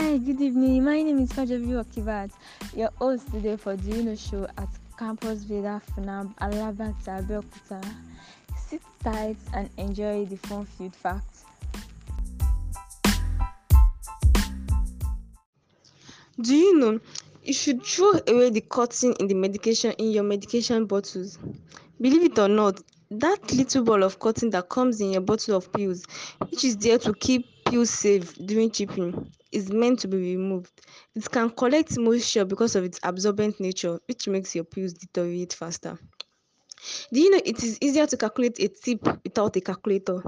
Hi, good evening. My name is Kajavi Okivat, your host today for the UNO show at Campus Veda Funab Alabata Belkuta. Sit tight and enjoy the fun field facts. Do you know you should throw away the cotton in the medication in your medication bottles? Believe it or not, that little ball of cotton that comes in your bottle of pills, which is there to keep pills safe during shipping is meant to be removed. It can collect moisture because of its absorbent nature, which makes your peels deteriorate faster. Do you know it is easier to calculate a tip without a calculator?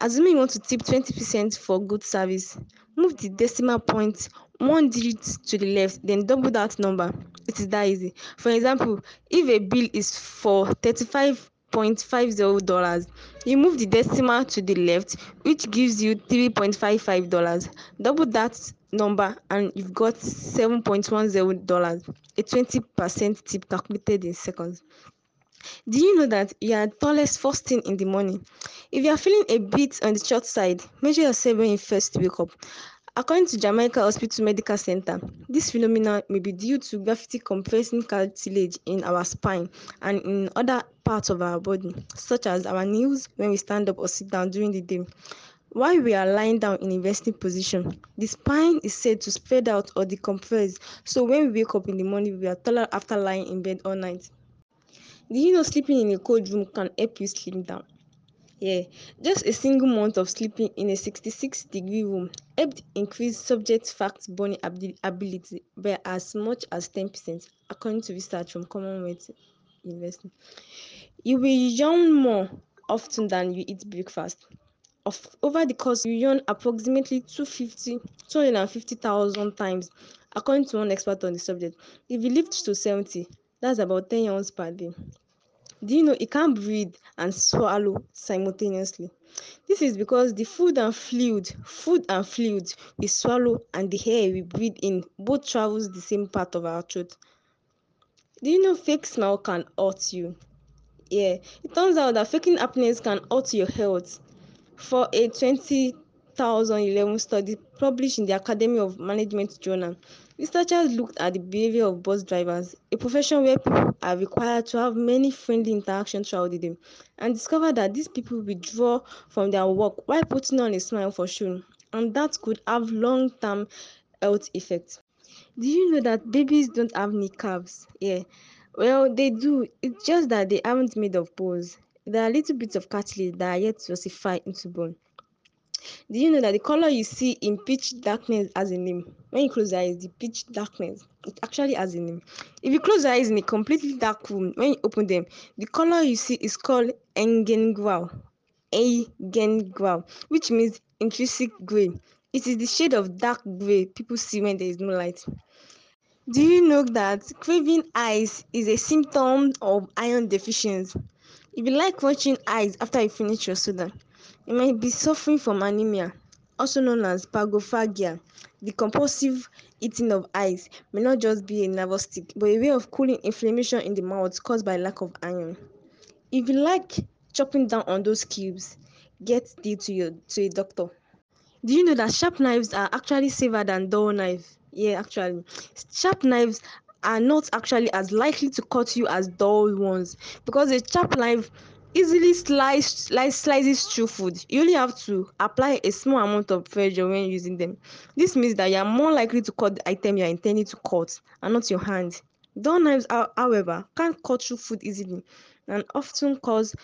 Assuming you want to tip 20% for good service, move the decimal point one digit to the left, then double that number. It is that easy. For example, if a bill is for 35 $3.50. You move the decimal to the left, which gives you $3.55. Double that number and you've got $7.10, a 20% tip calculated in seconds. Do you know that you are tallest first thing in the morning? If you are feeling a bit on the short side, measure yourself when you first wake up. According to Jamaica Hospital Medical Center, this phenomenon may be due to gravity compressing cartilage in our spine and in other parts of our body, such as our knees when we stand up or sit down during the day. While we are lying down in a resting position, the spine is said to spread out or decompress, so when we wake up in the morning, we are taller after lying in bed all night. Do you know sleeping in a cold room can help you slim down? Yeah, just a single month of sleeping in a 66 degree room helped increase subject fact burning ab- ability by as much as 10%, according to research from Commonwealth University. You will yawn more often than you eat breakfast. Of, over the course, you yawn approximately 250, 250,000 times, according to one expert on the subject. If you live to 70, that's about 10 yawns per day. Do you know it can't breathe and swallow simultaneously? This is because the food and fluid, food and fluid we swallow and the air we breathe in both travels the same part of our throat. Do you know fake smell can hurt you? Yeah, it turns out that faking happiness can hurt your health. For a 2011 study published in the Academy of Management Journal, Researchers looked at the behavior of bus drivers, a profession where people are required to have many friendly interactions throughout the day, and discovered that these people withdraw from their work while putting on a smile for show, and that could have long term health effects. Do you know that babies don't have kneecaps? Yeah. Well, they do. It's just that they are not made of bones. There are little bits of cartilage that are yet to ossify into bone. Do you know that the color you see in pitch darkness has a name? When you close your eyes, the pitch darkness, it actually has a name. If you close your eyes in a completely dark room, when you open them, the color you see is called Engengrau, Engengrau, which means intrinsic gray. It is the shade of dark gray people see when there is no light. Do you know that craving eyes is a symptom of iron deficiency? If you like watching eyes after you finish your soda, you might be suffering from anemia, also known as pagophagia. The compulsive eating of ice may not just be a nervous tick, but a way of cooling inflammation in the mouth caused by lack of iron. If you like chopping down on those cubes, get thee to your to a doctor. Do you know that sharp knives are actually safer than dull knives? Yeah, actually, sharp knives are not actually as likely to cut you as dull ones because a sharp knife easily sliced slice, slices through food. You only have to apply a small amount of pressure when using them. This means that you are more likely to cut the item you are intending to cut and not your hand. Dull knives, however, can cut through food easily and often cause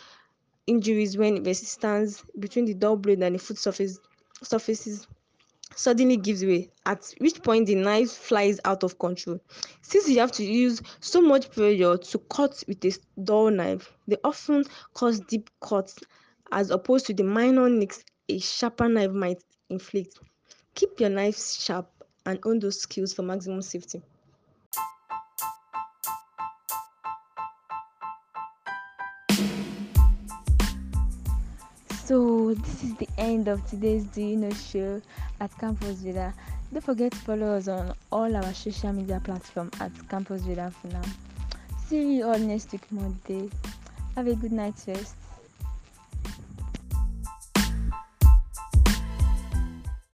injuries when resistance between the dull blade and the food surface surfaces suddenly gives way, at which point the knife flies out of control. Since you have to use so much pressure to cut with a dull knife, they often cause deep cuts as opposed to the minor nicks a sharper knife might inflict. Keep your knife sharp and own those skills for maximum safety. So this is the end of today's Do You Know show at Campus Villa. Don't forget to follow us on all our social media platforms at Campus Villa for now. See you all next week, Monday. Have a good night, rest.